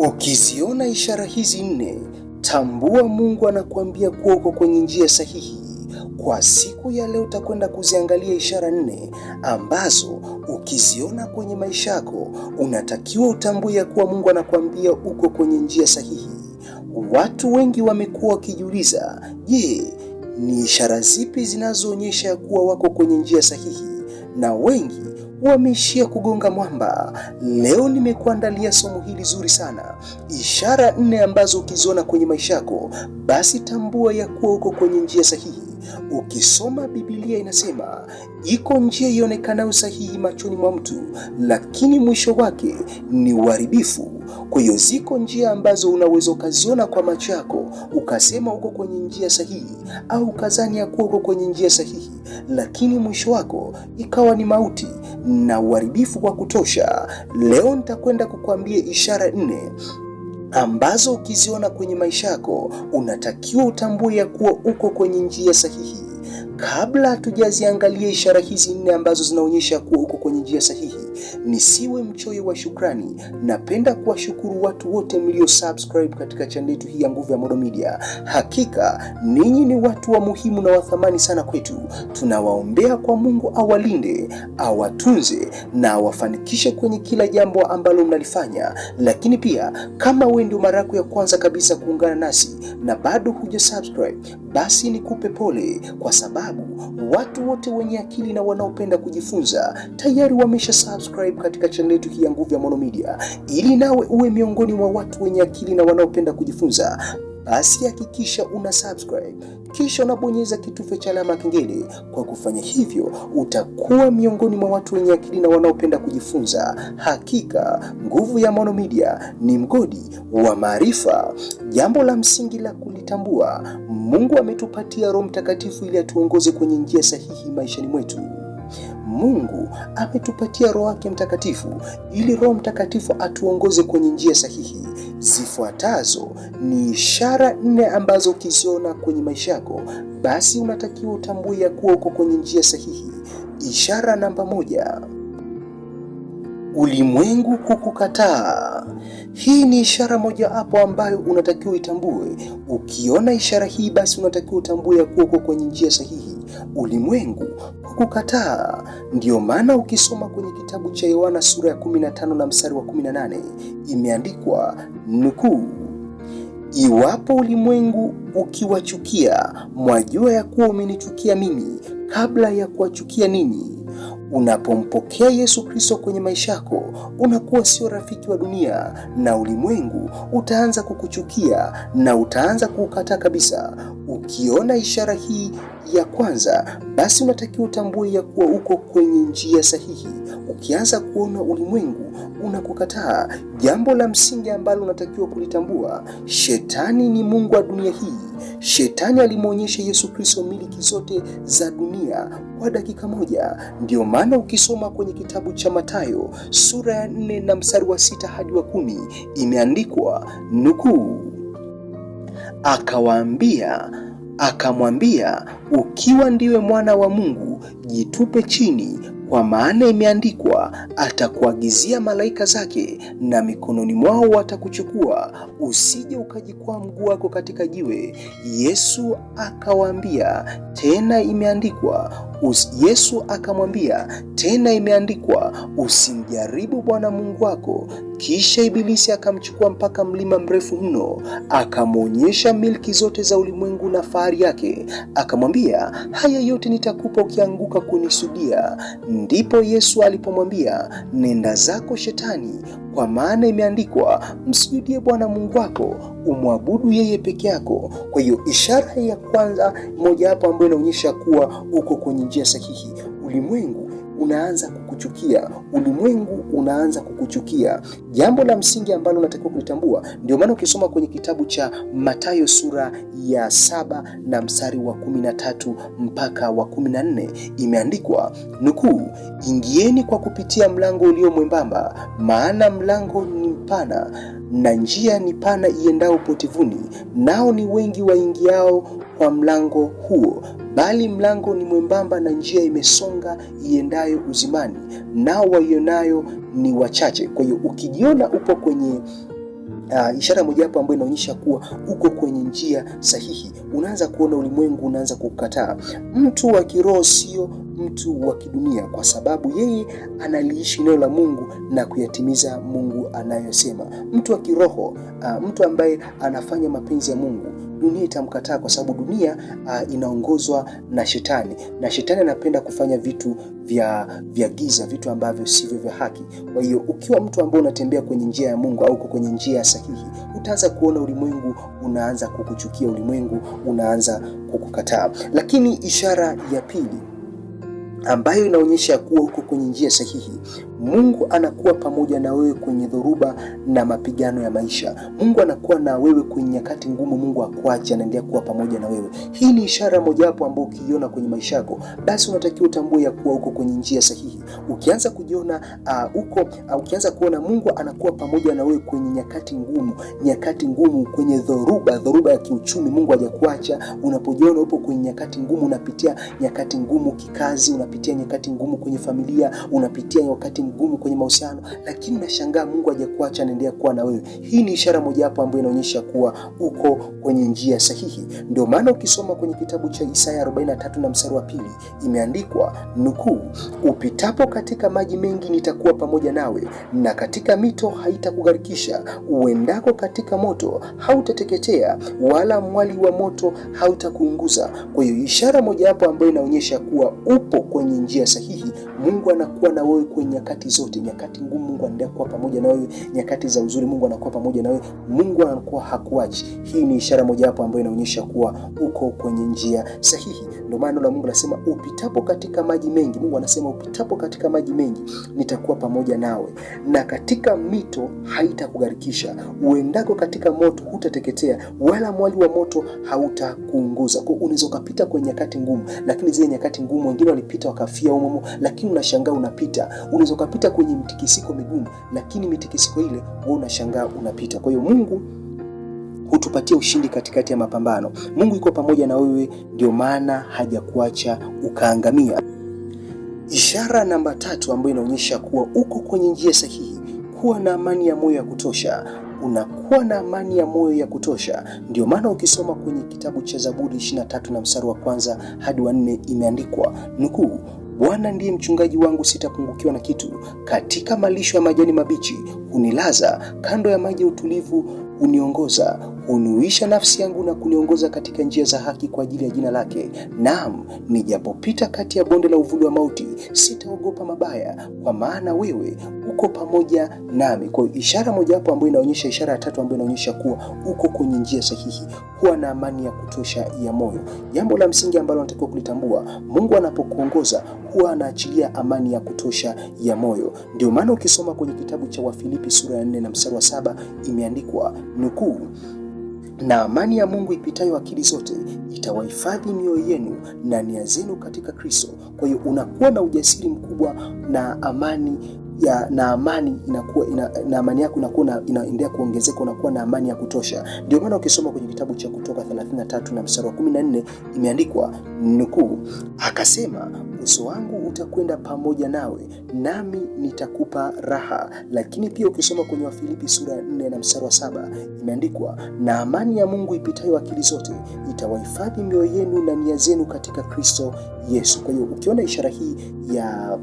Ukiziona ishara hizi nne, tambua Mungu anakuambia kuwa uko kwenye njia sahihi. Kwa siku ya leo utakwenda kuziangalia ishara nne ambazo ukiziona kwenye maisha yako unatakiwa utambue ya kuwa Mungu anakuambia uko kwenye njia sahihi. Watu wengi wamekuwa wakijiuliza, je, ni ishara zipi zinazoonyesha ya kuwa wako kwenye njia sahihi? Na wengi wameishia kugonga mwamba. Leo nimekuandalia somo hili zuri sana, ishara nne ambazo ukiziona kwenye maisha yako, basi tambua ya kuwa uko kwenye njia sahihi. Ukisoma Biblia inasema iko njia ionekanayo sahihi machoni mwa mtu, lakini mwisho wake ni uharibifu. Kwa hiyo ziko njia ambazo unaweza ukaziona kwa macho yako ukasema uko kwenye njia sahihi, au ukazani ya kuwa uko kwenye njia sahihi, lakini mwisho wako ikawa ni mauti na uharibifu kwa kutosha. Leo nitakwenda kukuambia ishara nne ambazo ukiziona kwenye maisha yako unatakiwa utambue ya kuwa uko kwenye njia sahihi. Kabla tujaziangalia ishara hizi nne ambazo zinaonyesha kuwa uko kwenye njia sahihi, nisiwe mchoyo wa shukrani. Napenda kuwashukuru watu wote mlio subscribe katika chaneli yetu hii ya Nguvu ya Maono Media. Hakika ninyi ni watu wa muhimu na wathamani sana kwetu. Tunawaombea kwa Mungu awalinde, awatunze na awafanikishe kwenye kila jambo ambalo mnalifanya. Lakini pia kama wewe ndio mara yako ya kwanza kabisa kuungana nasi na bado huja subscribe, basi nikupe pole kwa sababu sababu watu wote wenye akili na wanaopenda kujifunza tayari wamesha subscribe katika channel yetu hii ya Nguvu ya Maono Media, ili nawe uwe miongoni mwa watu wenye akili na wanaopenda kujifunza basi hakikisha una subscribe kisha unabonyeza kitufe cha alama kengele. Kwa kufanya hivyo, utakuwa miongoni mwa watu wenye akili na wanaopenda kujifunza. Hakika nguvu ya Maono Media ni mgodi wa maarifa. Jambo la msingi la kulitambua, Mungu ametupatia Roho Mtakatifu ili atuongoze kwenye njia sahihi maishani mwetu. Mungu ametupatia Roho yake Mtakatifu ili Roho Mtakatifu atuongoze kwenye njia sahihi Zifuatazo ni ishara nne ambazo ukiziona kwenye maisha yako, basi unatakiwa utambue ya kuwa uko kwenye njia sahihi. Ishara namba moja: ulimwengu kukukataa. Hii ni ishara moja hapo ambayo unatakiwa itambue. Ukiona ishara hii, basi unatakiwa utambue ya kuwa uko kwenye njia sahihi ulimwengu kukataa. Ndiyo maana ukisoma kwenye kitabu cha Yohana sura ya 15 na mstari wa 18 imeandikwa nukuu, iwapo ulimwengu ukiwachukia, mwajua ya kuwa umenichukia mimi kabla ya kuwachukia ninyi. Unapompokea Yesu Kristo kwenye maisha yako, unakuwa sio rafiki wa dunia, na ulimwengu utaanza kukuchukia na utaanza kuukataa kabisa. Ukiona ishara hii ya kwanza, basi unatakiwa utambue ya kuwa uko kwenye njia sahihi. Ukianza kuona ulimwengu unakukataa, jambo la msingi ambalo unatakiwa kulitambua, shetani ni mungu wa dunia hii. Shetani alimwonyesha Yesu Kristo miliki zote za dunia kwa dakika moja. ndio maana ukisoma kwenye kitabu cha Mathayo sura ya nne na mstari wa sita hadi wa kumi imeandikwa nukuu, akawaambia akamwambia, ukiwa ndiwe mwana wa Mungu jitupe chini, kwa maana imeandikwa, atakuagizia malaika zake, na mikononi mwao watakuchukua, usije ukajikwaa mguu wako katika jiwe. Yesu akawaambia, tena imeandikwa Yesu akamwambia tena, imeandikwa usimjaribu Bwana Mungu wako. Kisha Ibilisi akamchukua mpaka mlima mrefu mno, akamwonyesha milki zote za ulimwengu na fahari yake, akamwambia, haya yote nitakupa ukianguka kunisujudia. Ndipo Yesu alipomwambia, nenda zako Shetani, kwa maana imeandikwa, msujudie Bwana Mungu wako, umwabudu yeye peke yako. Kwa hiyo ishara ya kwanza mojawapo ambayo inaonyesha kuwa uko kwenye njia sahihi, ulimwengu unaanza kukuchukia, ulimwengu unaanza kukuchukia. Jambo la msingi ambalo unatakiwa kulitambua. Ndio maana ukisoma kwenye kitabu cha Mathayo sura ya saba na mstari wa kumi na tatu mpaka wa kumi na nne imeandikwa nukuu, ingieni kwa kupitia mlango ulio mwembamba, maana mlango ni mpana na njia ni pana iendao potivuni, nao ni wengi waingiao kwa mlango huo, bali mlango ni mwembamba na njia imesonga iendayo uzimani, nao waionayo ni wachache. Kwa hiyo ukijiona upo kwenye uh, ishara hapo ambayo inaonyesha kuwa uko kwenye njia sahihi. Unaanza kuona ulimwengu, unaanza kukataa. Mtu wa kiroho sio mtu wa kidunia, kwa sababu yeye analiishi neno la Mungu na kuyatimiza Mungu anayosema. Mtu wa kiroho uh, mtu ambaye anafanya mapenzi ya Mungu dunia itamkataa kwa sababu dunia uh, inaongozwa na shetani, na shetani anapenda kufanya vitu vya, vya giza, vitu ambavyo sivyo vya haki. Kwa hiyo ukiwa mtu ambaye unatembea kwenye njia ya Mungu au uko kwenye njia sahihi, utaanza kuona ulimwengu unaanza kukuchukia, ulimwengu unaanza kukukataa. Lakini ishara ya pili ambayo inaonyesha kuwa uko kwenye njia sahihi Mungu anakuwa pamoja na wewe kwenye dhoruba na mapigano ya maisha. Mungu anakuwa na wewe kwenye nyakati ngumu. Mungu akuache, anaendelea kuwa pamoja na wewe. Hii ni ishara mojawapo ambayo ukiiona kwenye maisha yako, basi unatakiwa utambue ya kuwa uko kwenye njia sahihi. Ukianza kujiona uh, uko uh, ukianza kuona Mungu anakuwa pamoja na wewe kwenye nyakati ngumu, nyakati ngumu, kwenye dhoruba, dhoruba ya kiuchumi, Mungu hajakuacha. Unapojiona upo kwenye nyakati ngumu, unapitia nyakati ngumu kikazi, unapitia nyakati ngumu kwenye familia, unapitia nyakati mgumu kwenye mahusiano, lakini nashangaa Mungu hajakuacha, anaendelea kuwa na wewe. Hii ni ishara mojawapo ambayo inaonyesha kuwa uko kwenye njia sahihi. Ndio maana ukisoma kwenye kitabu cha Isaya 43 na mstari wa pili imeandikwa nukuu, upitapo katika maji mengi nitakuwa pamoja nawe, na katika mito haitakugharikisha, uendako katika moto hautateketea, wala mwali wa moto hautakuunguza. Kwa hiyo ishara mojawapo ambayo inaonyesha kuwa upo kwenye njia sahihi Mungu anakuwa na wewe kwenye nyakati zote, nyakati ngumu, Mungu anaendelea kuwa pamoja na wewe, nyakati za uzuri, Mungu anakuwa pamoja na wewe, Mungu anakuwa hakuachi. Hii ni ishara mojawapo ambayo inaonyesha kuwa uko kwenye njia sahihi. Ndio maana la Mungu anasema upitapo katika maji mengi, Mungu anasema upitapo katika maji mengi nitakuwa pamoja nawe, na katika mito haitakugharikisha, uendako katika moto hutateketea, wala mwali wa moto hautakuunguza. Kwa hiyo unaweza kupita kwenye nyakati ngumu, lakini zile nyakati ngumu wengine walipita wakafia umomo, lakini lakini unashangaa unapita. Unaweza ukapita kwenye mtikisiko migumu, lakini mitikisiko ile wewe unashangaa unapita. Kwa hiyo Mungu hutupatia ushindi katikati ya mapambano. Mungu yuko pamoja na wewe, ndio maana hajakuacha ukaangamia. Ishara namba tatu ambayo inaonyesha kuwa uko kwenye njia sahihi, kuwa na amani ya moyo ya kutosha. Unakuwa na amani ya moyo ya kutosha. Ndio maana ukisoma kwenye kitabu cha Zaburi 23 na mstari wa kwanza hadi wa nne imeandikwa nukuu, Bwana ndiye mchungaji wangu, sitapungukiwa na kitu. Katika malisho ya majani mabichi hunilaza, kando ya maji ya utulivu huniongoza, hunuisha nafsi yangu na kuniongoza katika njia za haki kwa ajili ya jina lake. Naam, nijapopita kati ya bonde la uvuli wa mauti, sitaogopa mabaya, kwa maana wewe uko pamoja nami. Kwa ishara moja hapo ambayo inaonyesha, ishara ya tatu ambayo inaonyesha kuwa uko kwenye njia sahihi, kuwa na amani ya kutosha ya moyo. Jambo la msingi ambalo natakiwa kulitambua, Mungu anapokuongoza huwa anaachilia amani ya kutosha ya moyo. Ndio maana ukisoma kwenye kitabu cha Wafilipi sura ya 4 na mstari wa saba imeandikwa nukuu, na amani ya Mungu ipitayo akili zote itawahifadhi mioyo yenu na nia zenu katika Kristo. Kwa hiyo unakuwa na ujasiri mkubwa na amani ya, na amani inakuwa ina, na amani yako inakuwa inaendelea kuongezeka, unakuwa na amani ya kutosha. Ndio maana ukisoma kwenye kitabu cha Kutoka 33 na mstari wa 14 imeandikwa nukuu, akasema uso wangu utakwenda pamoja nawe, nami nitakupa raha. Lakini pia ukisoma kwenye Wafilipi sura ya 4 na mstari wa saba imeandikwa, na amani ya Mungu ipitayo akili zote itawahifadhi mioyo yenu na nia zenu katika Kristo Yesu. Kwa hiyo ukiona ishara hii ya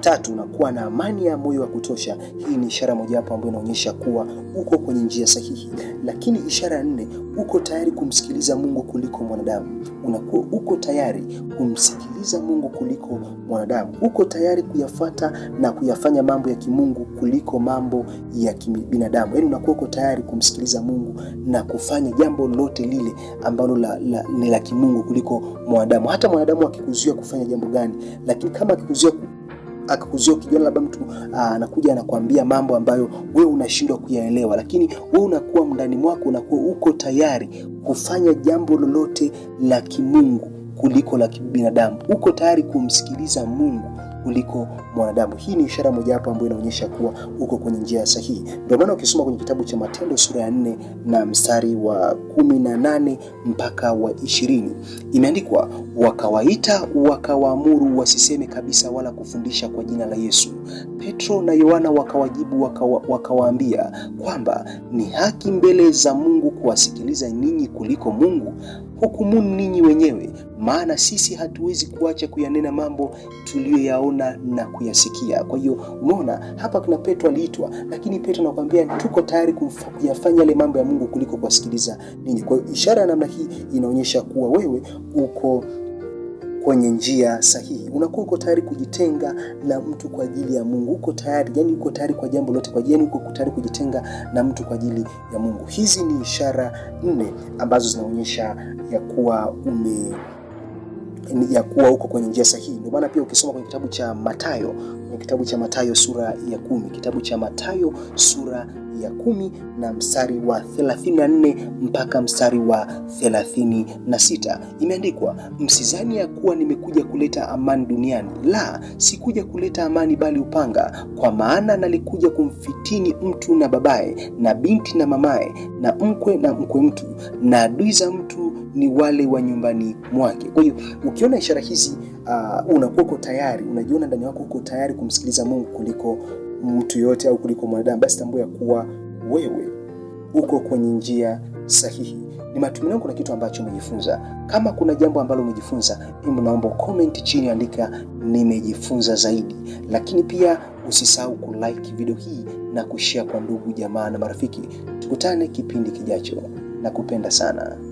Tatu, unakuwa na amani ya moyo wa kutosha. Hii ni ishara mojawapo ambayo inaonyesha kuwa uko kwenye njia sahihi. Lakini ishara ya nne, uko tayari kumsikiliza Mungu kuliko mwanadamu. Unakuwa uko tayari kumsikiliza Mungu kuliko mwanadamu, uko tayari kuyafata na kuyafanya mambo ya kimungu kuliko mambo ya kibinadamu. Yaani unakuwa uko tayari kumsikiliza Mungu na kufanya jambo lote lile ambalo la, la, ni la kimungu kuliko mwanadamu. Hata mwanadamu akikuzuia kufanya jambo gani, lakini kama akikuzuia akakuzia ukijiona labda mtu ah, anakuja anakuambia mambo ambayo wewe unashindwa kuyaelewa, lakini wewe unakuwa ndani mwako unakuwa uko tayari kufanya jambo lolote la kimungu kuliko la kibinadamu. Uko tayari kumsikiliza Mungu kuliko mwanadamu. Hii ni ishara mojawapo ambayo inaonyesha kuwa uko kwenye njia sahihi. Ndio maana ukisoma kwenye kitabu cha Matendo sura ya nne na mstari wa kumi na nane mpaka wa ishirini imeandikwa, wakawaita wakawaamuru wasiseme kabisa wala kufundisha kwa jina la Yesu. Petro na Yohana wakawajibu wakawa, wakawaambia kwamba ni haki mbele za Mungu kuwasikiliza ninyi kuliko Mungu. Hukumuni ninyi wenyewe, maana sisi hatuwezi kuacha kuyanena mambo tuliyoyaona na kuyasikia. Kwa hiyo umeona hapa kuna Petro aliitwa, lakini Petro anakuambia tuko tayari kuyafanya yale mambo ya Mungu kuliko kuwasikiliza ninyi. Kwa hiyo ishara ya namna hii inaonyesha kuwa wewe uko kwenye njia sahihi. Unakuwa uko tayari kujitenga na mtu kwa ajili ya Mungu, uko tayari yani, uko tayari kwa jambo lote, kwa yani, uko tayari kujitenga na mtu kwa ajili ya Mungu. Hizi ni ishara nne ambazo zinaonyesha ya kuwa ume ya kuwa huko kwenye njia sahihi. Ndio maana pia ukisoma kwenye kitabu cha Mathayo ya kitabu cha Mathayo sura ya kumi, kitabu cha Mathayo sura ya kumi na mstari wa 34 mpaka mstari wa 36, imeandikwa msizani ya kuwa nimekuja kuleta amani duniani, la sikuja kuleta amani, bali upanga. Kwa maana nalikuja kumfitini mtu na babaye na binti na mamaye na mkwe na mkwe mtu, na adui za mtu ni wale wa nyumbani mwake. Kwa hiyo ukiona ishara hizi, uh, unakuwa uko tayari, unajiona ndani yako uko tayari kumsikiliza Mungu kuliko mtu yote au kuliko mwanadamu, basi tambua ya kuwa wewe uko kwenye njia sahihi. Ni matumaini yangu kuna kitu ambacho umejifunza. Kama kuna jambo ambalo umejifunza, hebu naomba comment chini, andika nimejifunza zaidi. Lakini pia usisahau like video hii na kushare kwa ndugu, jamaa na marafiki. Tukutane kipindi kijacho, na kupenda sana.